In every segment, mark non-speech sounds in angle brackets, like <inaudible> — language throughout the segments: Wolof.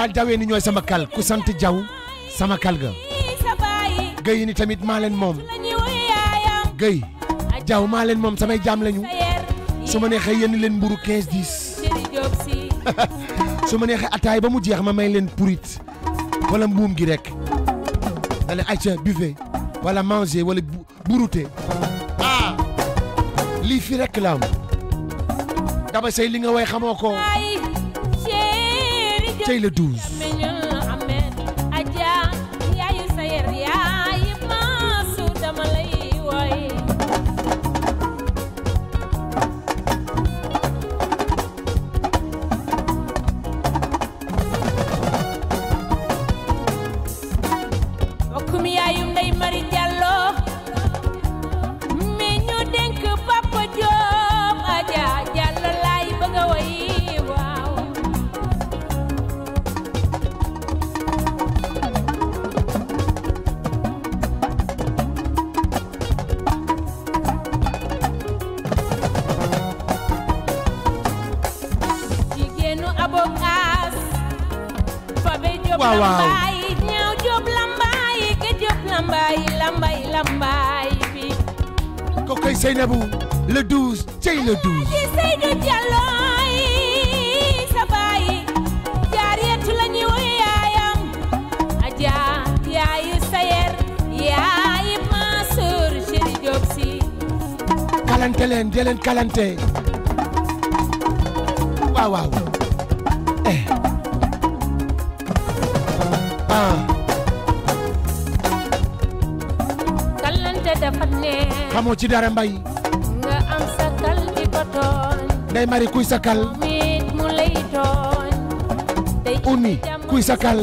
daal jawee ñooy sama kal ku sant jaw sama kal ga gëy ni tamit maa leen moom gëy jaw maa leen moom samay jaam lañu su ma neexee yéen leen mburu 15 10 <laughs> su ma neexee ataay ba mu jeex ma may leen purit wala mbuum gi rek da ne ayca buffet wala manger wala burute ah lii fi rek la daba say li nga way xamoo ko Taylor Dues. Seynabou le 12 cey le 12. kalante leen dee leen kalante waaw waaw eh ah. dafa neex xamoo ci dara mbay nga am sakal di ko tooñ mari kuy sakal nit mu lay tooñ uni kuy sakal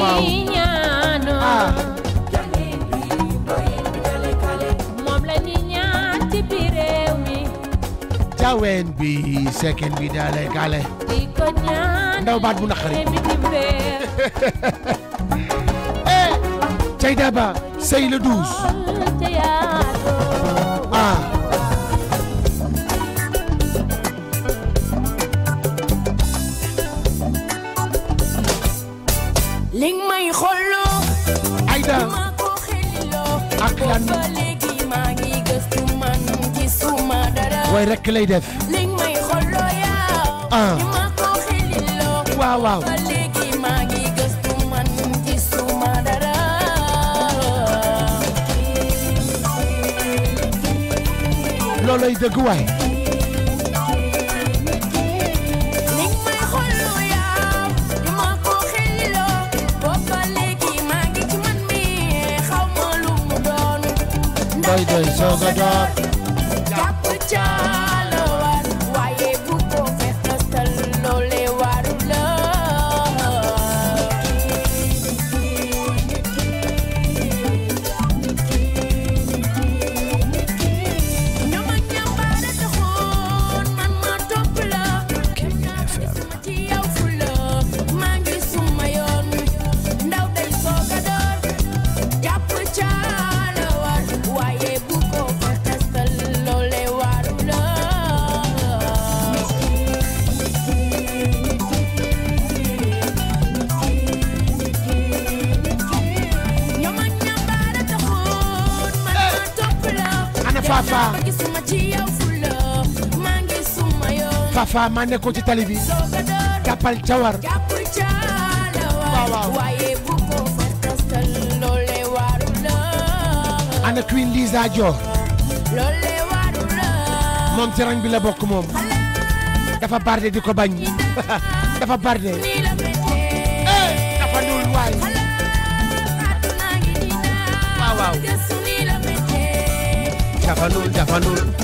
waaw moom la ñuy ñaan ci biir réew mi jaween bi seken bi daale kaale di ko ñaan ndaw baat bu naqari <laughs> eh cay daba sey le douze ah ling may xol lan way rek lay def ah waaw waaw looloy dëgg kai so the da Moustapha maa nekkoon ci tali bi jàppal cawar waaw waaw ana Queen Lisa Dior moom ci rang bi la bokk moom dafa bardé di ko bañ <laughs> dafa bardé eh, dafa ñuul waay waaw waaw dafa ñuul dafa ñuul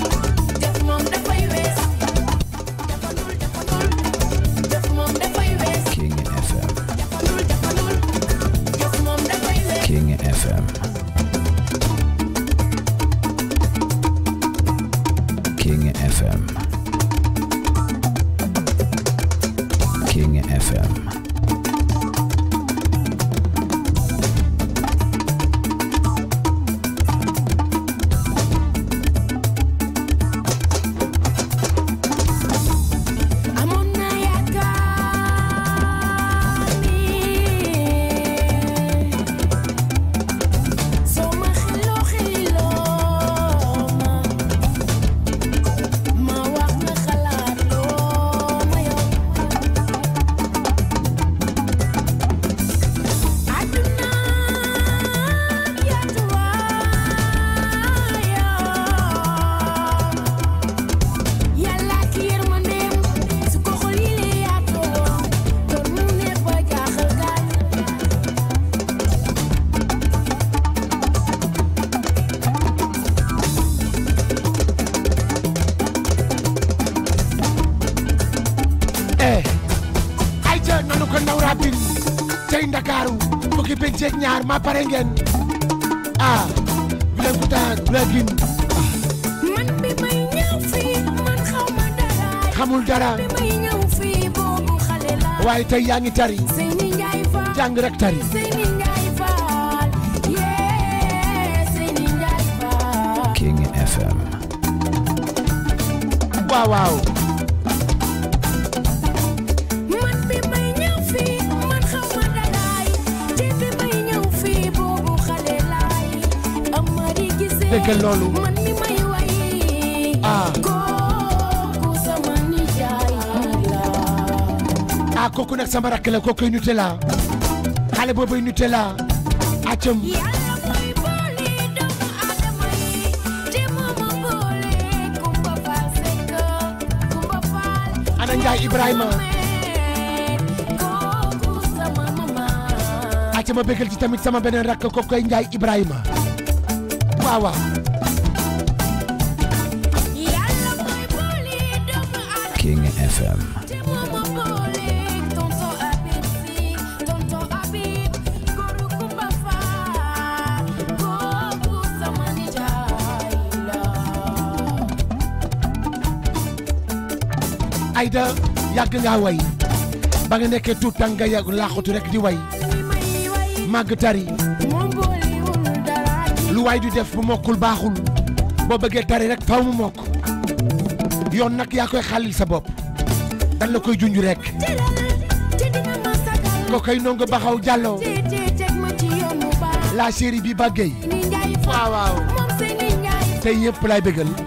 waaye tey yaa ngi tari jàng rek tari King FM waaw waaw dégg loolu ah ah kooku nag sama rakk la kooku Nutella xale boobu Nutella acam ana Njaay Ibrahima acama bëggal ci tamit sama beneen rakk kooku Njaay Ibrahima waaw waaw King FM Aïda yàgg ngaa way ba nga nekkee tuut tàng nga yàgg laaxatu rek di way màgg tari lu waay di def bu mokkul baaxul boo bëggee tari rek faw mu mokk yoon nag yaa koy xàllil sa bopp dan la koy junj rek ko koy ba xaw jàlloo la chérie bi bàggee waaw waaw tey ñëpp laay bëggal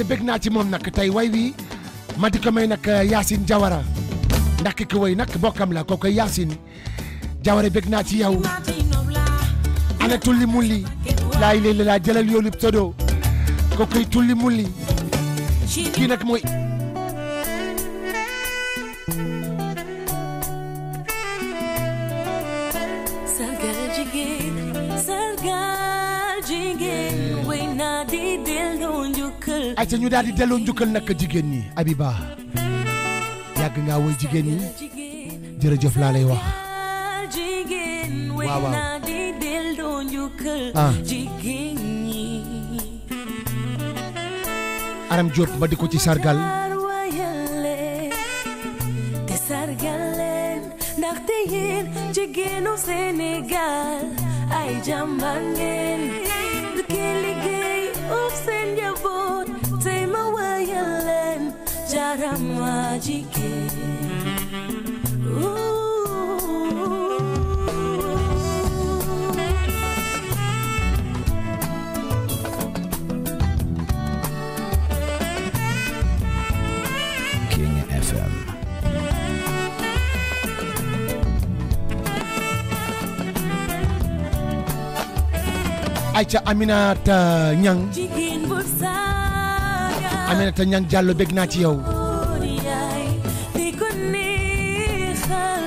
te bëgg naa ci moom nag tey way wi ma di ko may nag euh, Yacine Diawara ndax ki ko way nag bokkam la kooku Yacine Diawara bëgg naa ci yow ana tulli mulli laa yi la laa jëlal yoolu todo kooku tulli mulli kii nag mooy ayca ñu daal di delloo njukkal na jigéen ñi Abiba yàgg ngaa woy jigéen ñi jërëjëf laa lay wax waaw waaw ah di ko ci sargal ndaxte yéen jigéenu Sénégal ay liggéey of seen から間近 Aïcha Aminata Niang Aminata Niang Diallo bég yow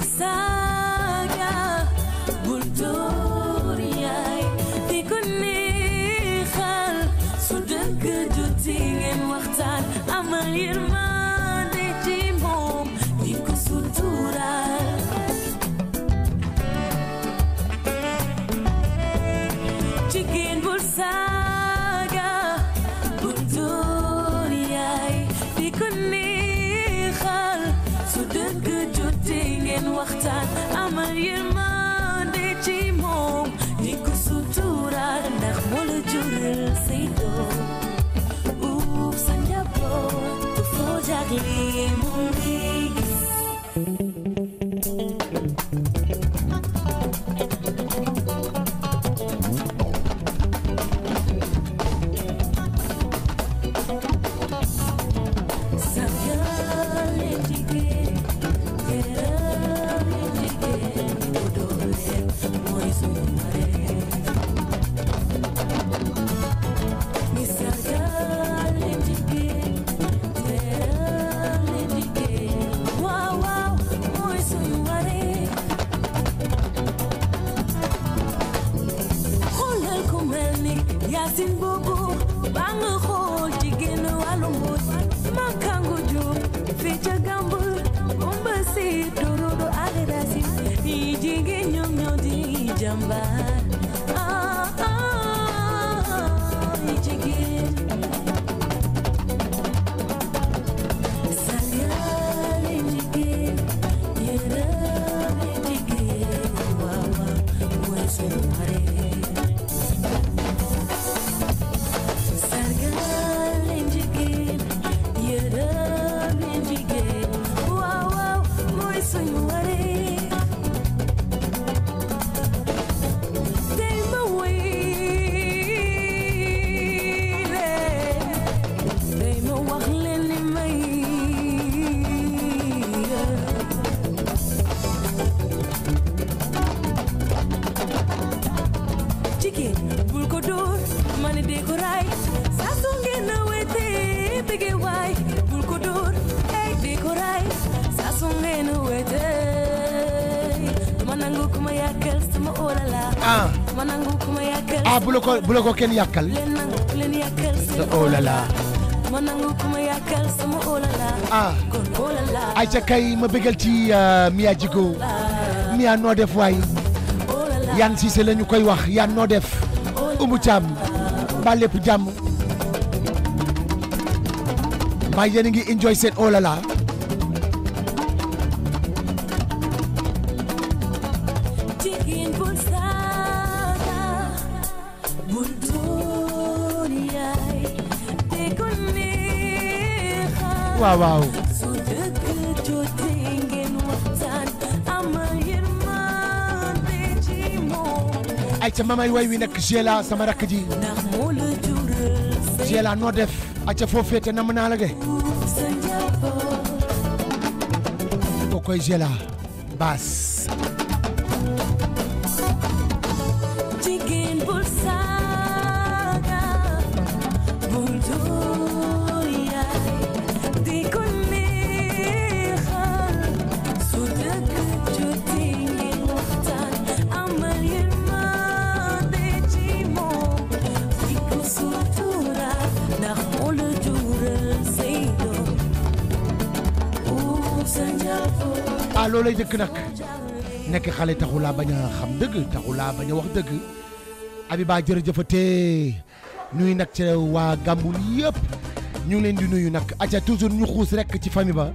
forçar. sound young. la ko bu la ko kenn yàkkal sa oh olala ah ay ca kay ma bëggal ci euh, Mia Djigo Mia noo def waay Yann Cissé la ñu koy wax Yann noo def umu caam ba lépp jàmm mbaa yéen ngi enjoy seen olala oh waaw waaw ay ca mamay way wi nekk Géla sama rakk ji Géla noo def aca foo féete nam naa la de loolay dëkk nag nekk xale taxulaa laa bañ a xam dëgg taxulaa laa bañ a wax dëgg Abiba jërëjëfatee nuyu nag ca waa Gàmbul yépp ñu ngi leen di nuyu nag aca toujours ñu xuus rek ci famille ba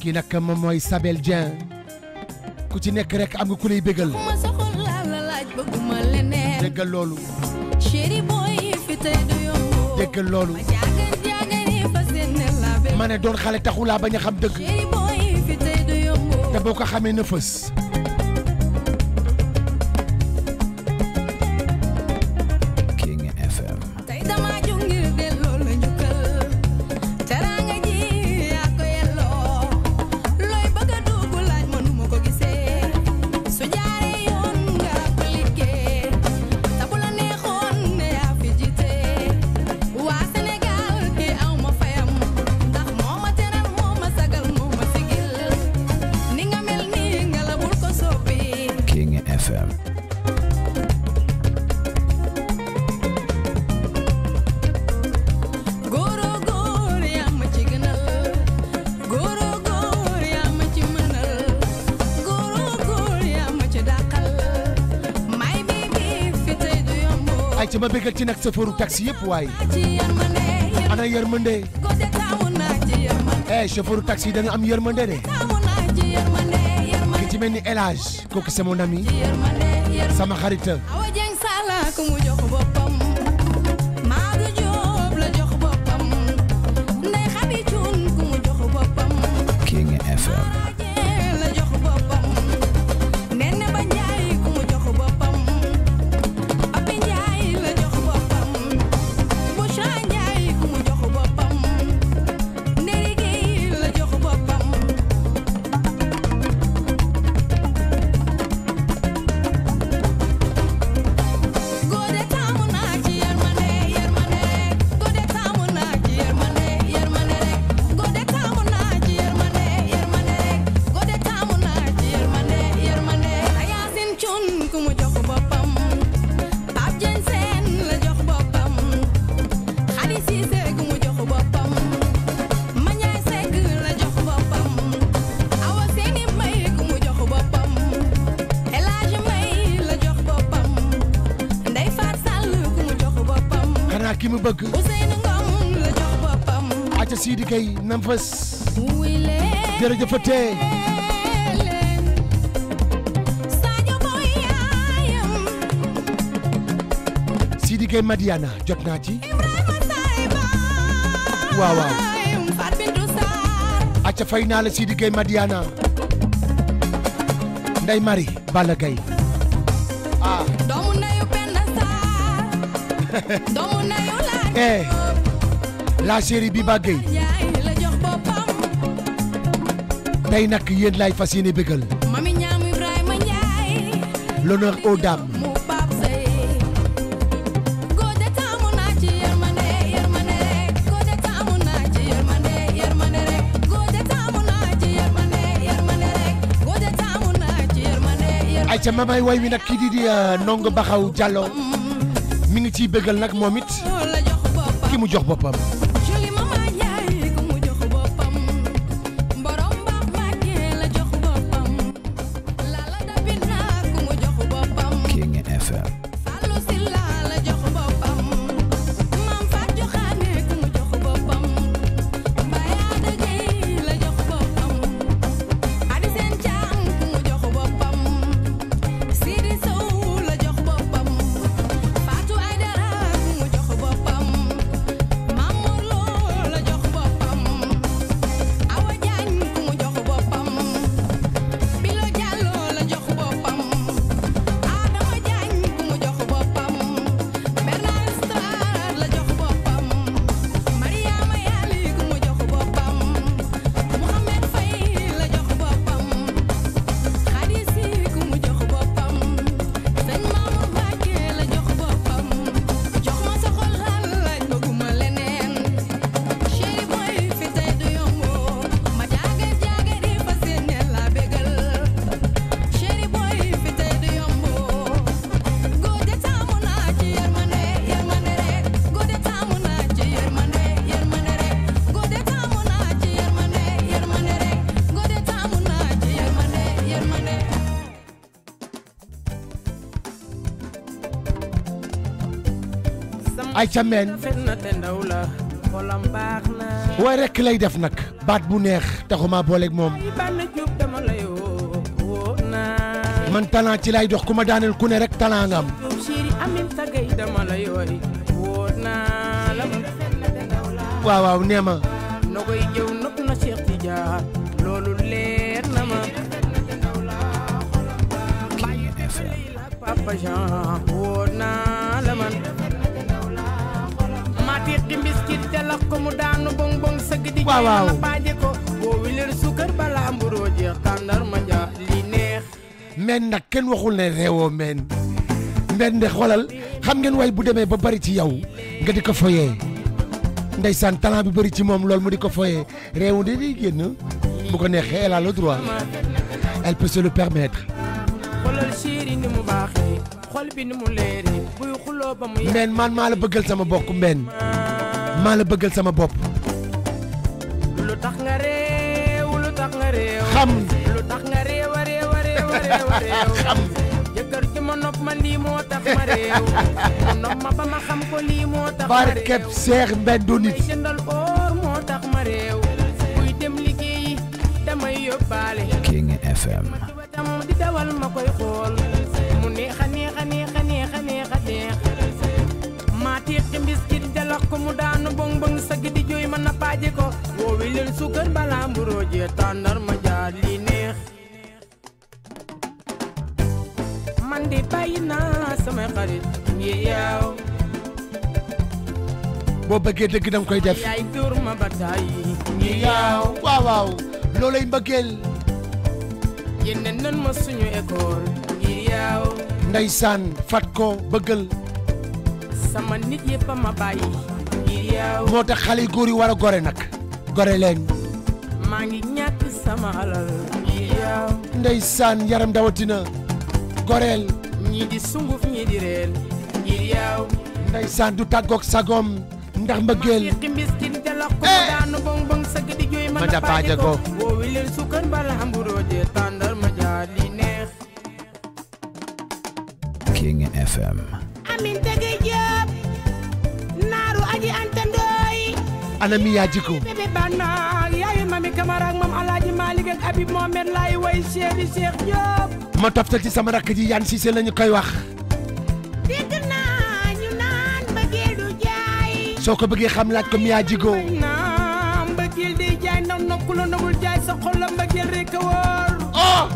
kii nag moom mooy Sabel Dieng ku ci nekk rek am nga ku lay bégal déggal loolu loolu ma ne doon xale taxu laa bañ a xam dëgg ba ko xamee na ma bégal ci nag sëfëru taxi yëpp waaye ana yërmande eh sëfëru taxi dañu am yërmande de ki ci mel ni El Hadj kooku c'est mon ami sama xarit King FM ca Sidi Gueye nam fës jërëjëfatee Sidi Gueye Madiana jot naa ci waaw waaw acca fay naa la Sidi Gueye Madiana Ndeye Marie Balla Gueye ah. <laughs> eh. laa série bi Gueye tey nag yéen laay fas yéene bëggal l'honneur aux dames ay ca mamay way wi nag kii di di euh, Ndongo Baxaw Diallo mi ngi ciy bëggal nag moom it ki mu jox boppam ay ca men way rek lay def nak baat bu neex taxuma booleeg mom man talent ci lay dox kuma ma ku ne rek talent ngam waaw waaw neema nokoy jëw nok na Cheikh tidia lolou leer na ma Papa Jean wóor daq ko mu daanu bong bong sëgg di waaw waaw baaje ko boo wilir suukar balaa mburoo jeex tàndar ma ja li neex men nag kenn waxul ne reewoo men men de xoolal xam ngeen way bu demee ba bari ci yow nga di ko foyee ndeysaan talent bi bari ci moom loolu mu di ko foyee réewu de di génn bu ko neexee elle a le droit elle peut se le permettre xoolal chéri mu baaxee xol bi ni mu leeree buy xuloo ba mu men man maa la bëggal sama bokk men maa la bëggal sama bopp lu tax nga réew lu tax nga réew xam lu tax nga réew a réew a réew <laughs> xam jëkkër ci ma nopp ma lii moo tax ma réew <laughs> ma ma ba ma xam ko lii moo tax ma réew barkeb seex mbeddu nit jëndal oor moo tax ma réew kuy dem liggéeyi damay yóbbaale King FM di dawal ma koy xool ko mu daanu bong bong sa gidi joy man na paaje ko woowi leen suukar bala mburoo jee tandar ma jaar lii neex man di bayina sama xarit ye yaw bo bëggee deug dang koy def yaay dur ma ba ye yaw waaw waaw lolay mbëggeel yenen nan ma suñu école ye yaw ndaysan fat ko bëggal sama nit yëpp ma bàyyi moo xali goori wara góor yi war a gore nag gore leen maa ngi sama alal ndeysaan yaram dawatina gorel ñi di sunguf ñi di reel ngir yaw ndeysaan du tagok sagom ndax mbëggeel eh! ma da paajago woo wi leen sukkar bala je tandar ma jali neex King FM amin tege jëpp naru aji ant ana Mia Dicko bébé banna yaayu mami Camara ak mam Alaaji Malik ak Habib Mohamed laay way seeri Cheikh Diop ma toftal ci sama rakk ji Yane Cissé lañu koy wax dégg naa ñu naan mbëggeel du jaay soo ko bëggee xam laaj ko Mia Dicko naa mbëggeel la nagul jaay sa xol la mbëggeel oh!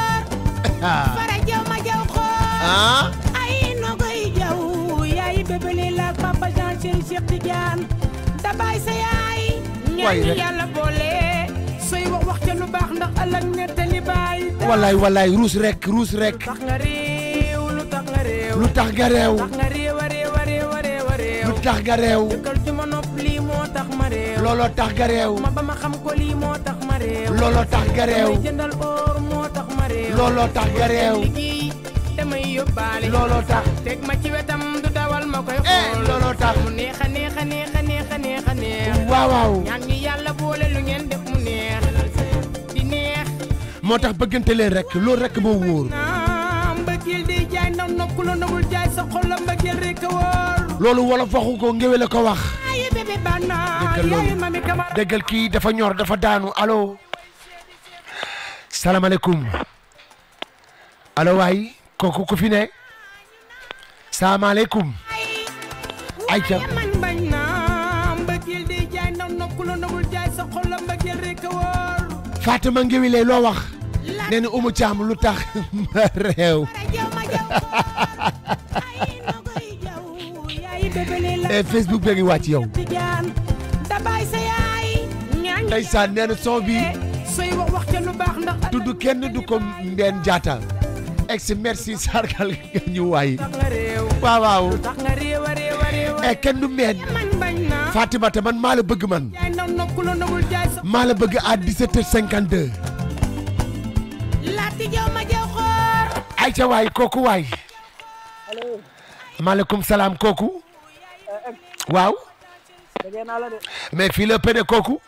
<laughs> ah. fara jaw ma jaw xool ah? waay rek yàlla boole say wax wax ca lu baax ndax ëllëg nettali baay wallaay wallaay ruus rek ruus rek tax nga réew lu tax nga réew lu tax nga réew lu tax nga réew jëkkal ju ma nopp lii moo tax ma réew looloo tax nga réew ma ba ma xam ko lii moo tax ma réew looloo tax nga réew jëndal oor moo tax ma réew looloo tax nga réew liggéey damay yóbbaale looloo tax teg ma ci wetam du dawal ma koy eh, xool looloo tax mu neex a neex a neex neex waaw waaw ñaan ngi yàlla boole lu ngeen def mu neex. di neex. moo tax bëggante leen rek loolu rek moo wóor. mbëggeel day jaay ndaw nokku la nagul jaay sa xol la mbëggeel rek a wóor. loolu wolof waxu ko ngéwél a ko wax. déggal kii dafa ñor dafa daanu allo. salaamaaleykum. allo waay kooku ku fi ne. salaamaaleykum. ayca. Fatima Ngéwilé loo wax nee na Umu Caam lu tax ma réew Facebook bee ngi wàcc yow ndeysaan nee na son bi tudd kenn du ko mbeen jaata ex merci sargal nga ñu waay waaw waaw e kenn du mbeen Fatima te man maa la bëgg man maa la bëgg à 17h52. laati jëw ma jëw xoor. ayca waay kooku waay. allo. maaleykum salaam kooku. waaw. déggee naa la de. mais fii la pene kooku.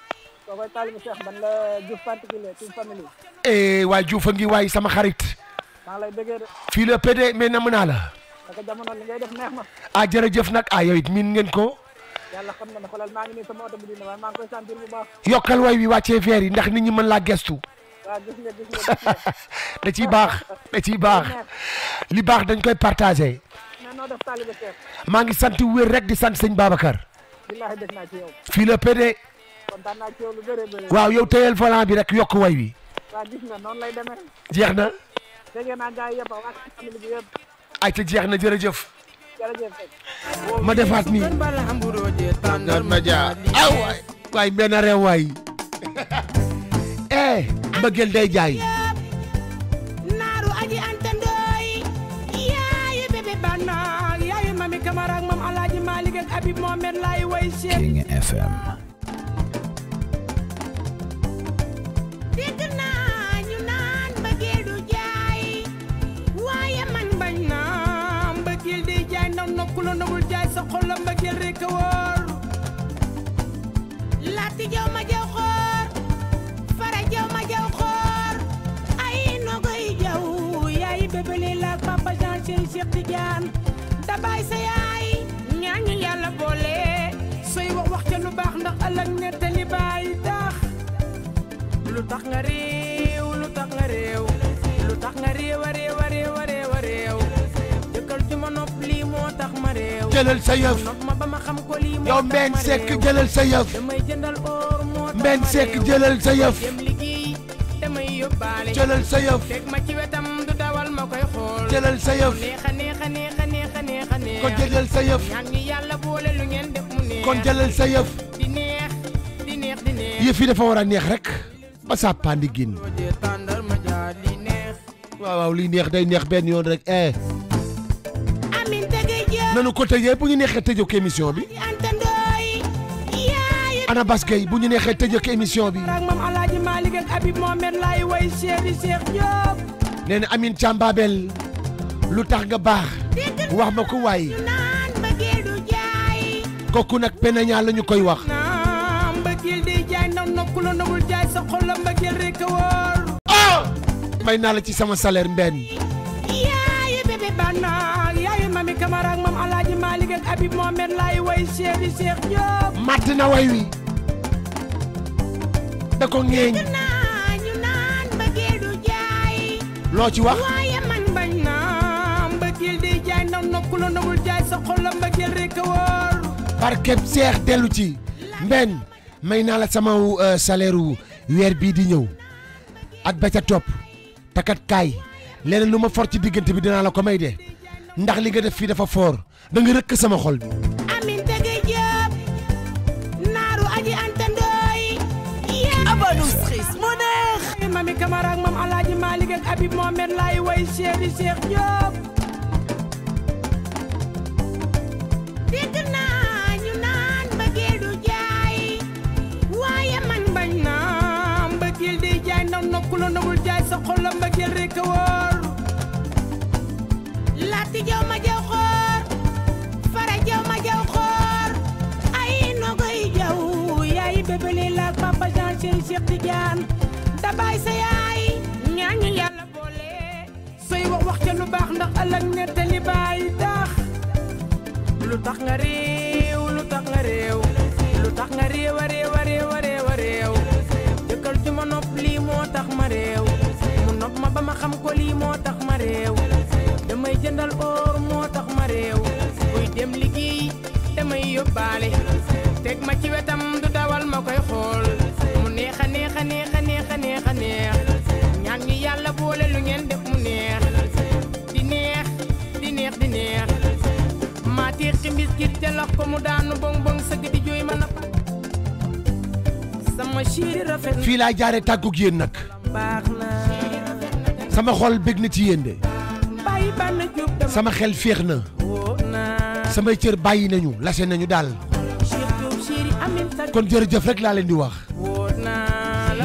kooku taalibu Cheikh ban la Diouf particulier tout famille. eh waay Diouf ngi waay sama xarit. maa lay déggee de. fii la pene mais namm naa la. parce que jamono li ngay def ah, jërëjëf nag ah yow it miin ngeen ko. yàlla xam na ne xoolal maa ngi nii sama oto bi yokkal way wi wàccee feer yi ndax ni ñi mën laa gestu. waaw gis nga <laughs> da ci baax da ciy baax li baax dañ koy partagé. maa ngi sant wér rek di sant sëñ Babacar. fii la PD. waaw yow téyel volant bi rek yokk way wi. waaw gis nga noonu jeex na. dégg naa gars ay ca jeex na jërëjëf. ma defaat ni naan ma ja aw way waay benn reew waay <laughs> eh beugel day jaay naru aji antandoy yaay bebe bana yaay mami kamara ak mam alaaji malik ak abib mohamed lay way seen King FM dégg ti jaw ma jaw xoor fara jaw ma jaw xoor ay nogoy jaw yaay bébé Lella ak papa Jean Cheikh Tidiane dabaay sa yaay ñaan ñu yàlla boole sooy wax wax ca lu baax ndax ëllëg nettali baay tax lu tax nga réew lu tax nga réew lu tax nga réew a réew jëlal sa yëf yow Mbène sek jëlal sa yëf Mbène Seck jëlal sa yëf jëlal sa yëf jëlal sa yëf kon jëlal sa yëf kon jëlal sa yëf yëf yi dafa war a neex rek ba sàppaandi génn waaw waaw liy neex day neex benn yoon rek eh. nanu ko tëjee bu ñu neexee tëjee ko émission bi ana Bas bu ñu neexee tëjee ko émission bi nee na Amine Thiam lu tax nga baax wax ma ko waay kooku nag penaña la ñu koy wax. Ah! may naa la ci sama salaire mbenn papi matt na way wi da ko ngeeñ ñu naan mbëggeel du jaay loo ci wax waaye man bañ naa mbëggeel day jaay ndaw nokku la nobul jaay sa xol la mbëggeel rekk a seex dellu ci mbenn may naa la sama euh, salaire weer bii di ñëw ak ba ca topp takat kaay leneen lu ma for ci diggante bi dinaa la ko may de ndax li nga def fii dafa foor da rëkk sama xol bi. amin dëgg yëpp naaru aji Anta Ndooy. abadou stress moo neex. mami Camara ak mam Alaaji Malick ak Habib Mohamed laay way Cheikh Cheikh Diop. ti jaw ma jaw xoor fara jaw ma jaw xoor ay nogoy jaw yaay bébé Lella ak papa Jean Chéri Cheikh Tidiane sa yaay ñaañu yàlla boole sooy wax wax ca lu baax ndax ëllëg nettali baay tax lu tax nga réew lu tax nga réew lu tax nga réew réew réew a réew ma nopp lii moo tax ma réew mu nopp ma ba ma xam ko lii moo tax ma réew moo tax ma réew buy dem ma ci wetam du dawal ma koy yàlla boole lu ngeen def mu neex di neex di neex di sama chéri rafet fii laa jaare tàggug yéen nag na sama xol bég na ci yéen de sama xel féex na samay cër bàyyi nañu lase nañu daal kon jërëjëf rek laa leen di wax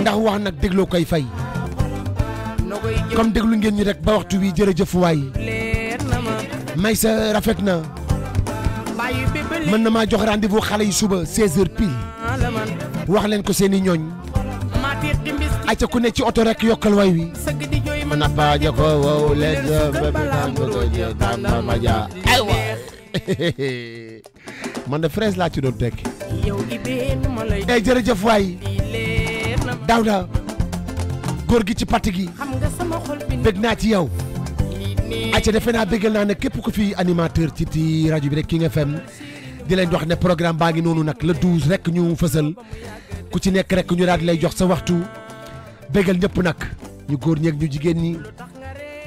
ndax wax nag dégloo koy fay comme déglu ngeen ñi rek ba waxtu wi jërëjëf waay may sa rafet na mën na maa jox rendez-vous xale yi suba 16h wax leen ko seeni i ñooñ acca ku ne ci oto rek yokkal way wi manapaja ko wow lezo bebe bambugo je tamba man de fraise laa ci doon tekki yow ibeen ma lay ay jërëjëf waay góor gi ci pàtt gi xam bëgg naa ci yow acca defe naa bëggal naa ne képp ku fi animateur ci ti rajo bi rek King FM di leen wax ne programme baa ngi noonu nag le 12 rek ñu fësal ku ci nekk rek ñu daal lay jox sa waxtu bëggal ñëpp nag ñu góor ñeek ñu jigéen ñi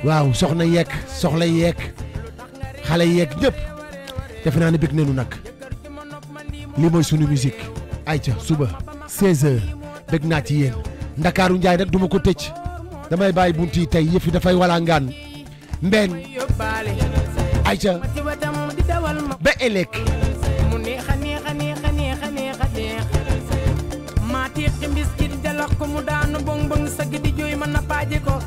waaw soxna yeeg soxla yeeg xale yeeg ñëpp defe naa ne bëgg nañu nag lii mooy sunu musique ayca suba 16h naa ci yéen ndakaaru njaay nag duma ko tëj damay bàyyi bunt yi tey yëf yi dafay walangaan mbeen ayca ba ëllëg mu neexa neexa neexa neexa ko mu daanu bong bong sa daaji ko